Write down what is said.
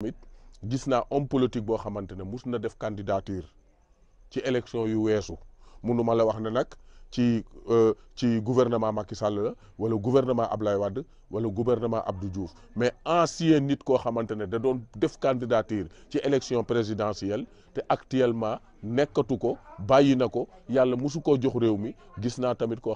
tamit gis naa homme politique boo xamante ne mus na def candidature ci élection yu weesu munuma la wax ne nag ci euh, ci gouvernement Macky la wala gouvernement Ablaye wadd wala ab du Diouf mais ancien nit koo xamante ne da doon def candidature ci élection présidentielle te actuellement nekkatu ko bàyyi na ko yàlla mosu koo jox réew mi gis naa tamit koo